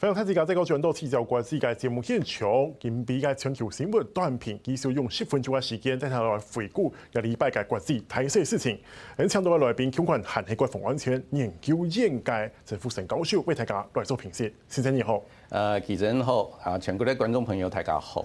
歡迎睇住今日嘅最多次就國際嘅節目，先搶，準比嘅全球新聞短評，至少用十分鐘嘅時間，等佢嚟回顧一禮拜嘅國際睇嘅事情。喺搶到嘅內邊，強強寒氣國防安全研究院嘅曾復生教授為大家來做評述。先生你好，誒記者你好，啊全國嘅觀眾朋友大家好。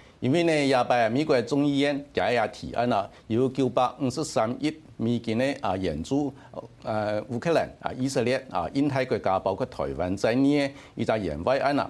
因為呢，廿八美國眾議院，提一啊提案了，要九百五十三億美金咧啊援助呃，呃烏克蘭啊以色列啊印太國家，包括台灣在呢、這個、一個援外案啦。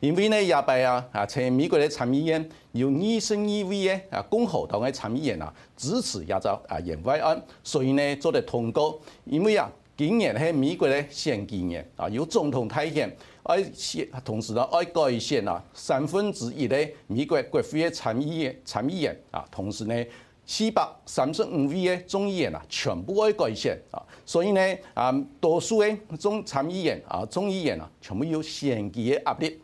因為呢，拜登啊啊，喺美國的參議院有二十二位嘅啊，共和黨的參議員啊支持亞洲啊，援外案。所以呢，做得通過。因為啊，今年係美國的選舉年啊，有總統大選，而同時呢，要改選啊，三分之一的美國國會參議院參議員啊，同時呢，四百三十五位的眾議員啊，全部要改選啊，所以呢，啊、嗯，多數的眾參議員啊，眾議員啊，全部有選舉的壓力。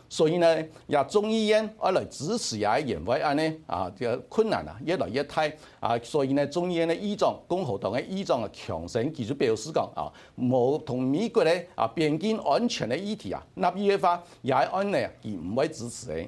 所以呢，要眾議院一來支持也係認為啊咧，啊困難啊，越嚟越大。啊，所以呢，眾議院的議長，共和黨的議長啊強生其實表示講啊，冇同美國咧啊，邊境安全的議題啊，納入嘅話也係安呢，而唔會支持的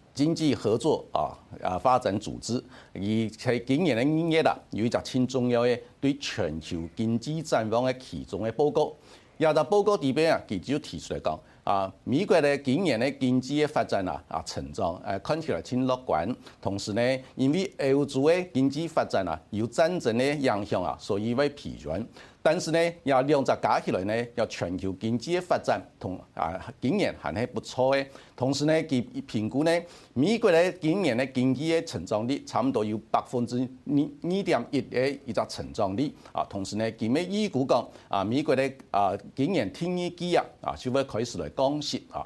經濟合作啊啊發展組織，而喺今年的五月啦，有一隻很重要的對全球經濟展望的其中的報告。要後報告裏邊啊，佢就提出來講啊，美國的今年的經濟的發展啊啊成長誒看起來挺樂觀。同時呢，因為歐洲的經濟發展啊有戰爭的影響啊，所以會疲軟。但是呢，要兩者加起來呢，要全球經濟嘅發展同啊，經驗還係不錯嘅。同時呢，佢評估呢，美國咧今年咧經濟嘅成長率差唔多有百分之二二點一嘅一個成長率。啊，同時呢，佢咪預估講啊，美國咧啊，今年天意機啊，啊，就會、啊啊、開始嚟降息啊。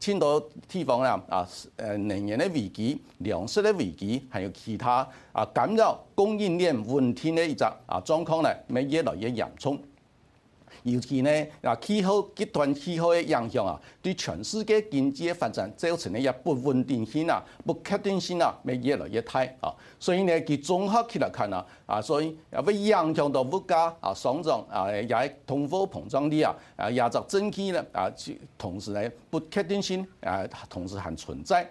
青島地方啊呃，能源的危機、糧食的危機，還有其他啊干擾供應鏈問題的一個啊狀況呢沒越來越嚴重，尤其呢，嗱氣候極端氣候嘅影響啊，對全世界經濟嘅發展造成咧一不穩定性啊、不確定性啊，會越來越大啊。所以呢，佢綜合起來看啊，啊，所以啊，會影響到物價啊上漲啊，也係通貨膨脹率啊，啊，亞洲增機呢，啊，同時呢，不確定性啊，同時還存在。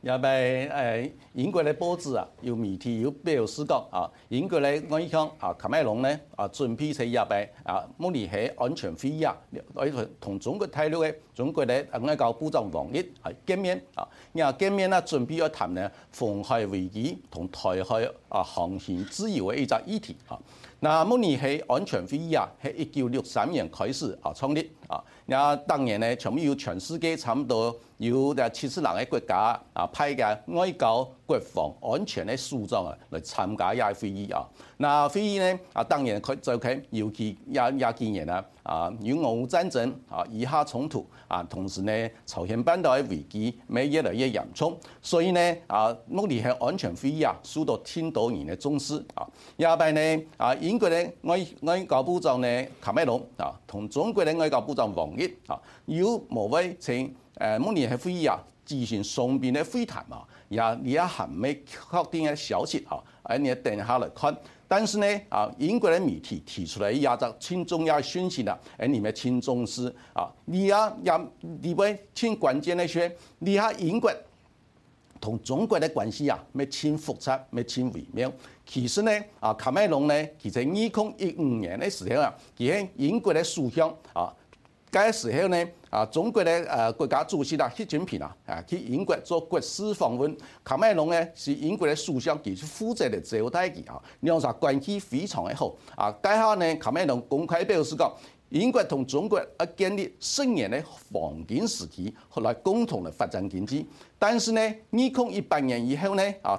也咪誒英國的報紙啊，有媒體有表示講啊，英國嘅外相啊，卡梅隆呢啊，準備在入嚟啊，慕尼黑安全會議，同中國大陸的中國咧外交部長王毅啊見面啊，然後見面啦，準備要談咧防海危機同台海啊航行自由的一隻議題啊，那慕尼黑安全會議啊，係一九六三年開始啊創立。啊！嗱、啊，當然咧，全部要全世界差唔多有七十六個國家啊派嘅外交國防安全的書裝、e, 啊，嚟參加亞會議啊！嗱、e，會議咧啊，當然佢就佢尤其亞亞建人啊，啊！烏俄、啊、戰爭啊，以哈衝突啊，同時咧朝鮮半島嘅危機咪越來越嚴重，所以咧啊，慕尼黑安全會議、e、啊，受到天到人嘅重視啊！亞拜呢啊英國嘅外外交部長呢卡梅隆啊，同中國嘅外交部。上網頁啊，要無謂請誒慕尼黑會議啊，舉行雙邊嘅會談啊，也你也冇咩確定的消息啊，誒你要等下來看。但是呢啊，英國的媒體提出來一張青中亞訊息啊，誒你咪青中斯啊，你啊也要你咪青關鍵的說，你嚇英國同中國的關係啊，咪青複雜，咪青微妙。其實呢啊，卡梅隆呢，其實二零一五年的時候啊，佢喺英國的首相啊。嗰時候呢，啊，中國的呃國家主席啊，習近平啊，啊，去英國做國事訪問。卡梅隆呢，是英國的首相，技術負責嚟招待佢啊，兩者關係非常的好。啊，該下呢，卡梅隆公開表示講，英國同中國要、啊、建立十年的黃金時期，後來共同的發展經濟。但是呢，呢空一百年以後呢，啊。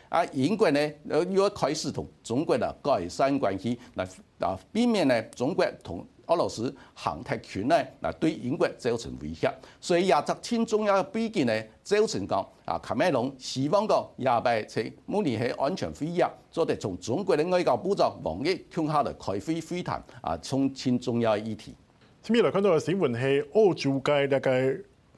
啊，英國又要開始同中國的改善關係，嗱避免中國同俄羅斯強敵權咧，嗱對英國造成威脅，所以20，亞特青中央的背景呢，就成講啊卡梅隆希望到亞伯在慕尼黑安全會議，我哋從中國的外交部長王毅攤下嚟開會會談啊，從新重要議題。今日嚟睇到嘅新聞係澳洲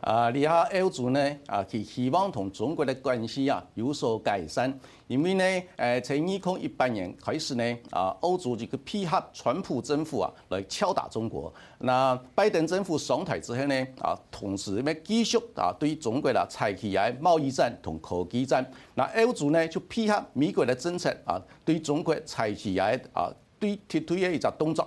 啊，你阿歐洲呢？啊，佢希望同中國的關係啊有所改善，因為呢，誒，從二零一八年開始呢，啊，歐洲就去配合川普政府啊，來敲打中國。那拜登政府上台之後呢，啊，同時呢，啊，繼續啊對中國啦採取一啲貿易戰同科技戰。那歐洲呢就配合美國的政策啊，對中國採取一啲啊對推推的一個動作。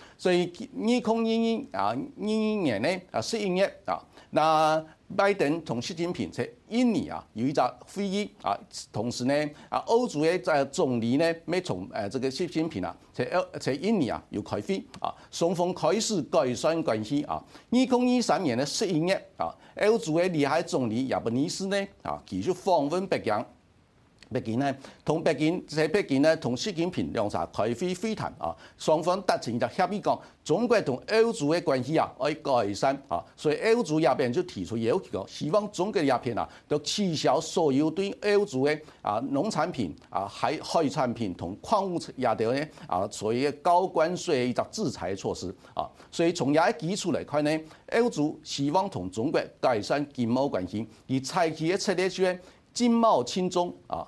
所以二零二二啊二二年咧啊十一月，啊，那拜登同習近平在印尼啊有一場會議。啊，同時呢，呢啊澳洲嘅總理呢沒同誒這個習近平啊，在在印尼啊有開會啊，雙方開始改善關係。啊。二零二三年咧十一月啊，澳洲嘅利害總理亞布尼斯呢啊，繼續訪問北京。北京，北，京北京呢同北京，即係北京呢同習近平兩者開飛會談啊，雙方達成一個協議，講中國同澳洲的關係啊，可、啊、以改善啊，所以澳洲嗰邊就提出要求，希望，中國嘅嗰邊啊，要取消所有對澳洲的啊農產品啊海海產品同礦物亞料咧啊，所以高關稅的一個制裁措施啊，所以從也嘅基礎來看呢，澳洲希望同中國改善經貿關係，而採取嘅策略經貿親中啊。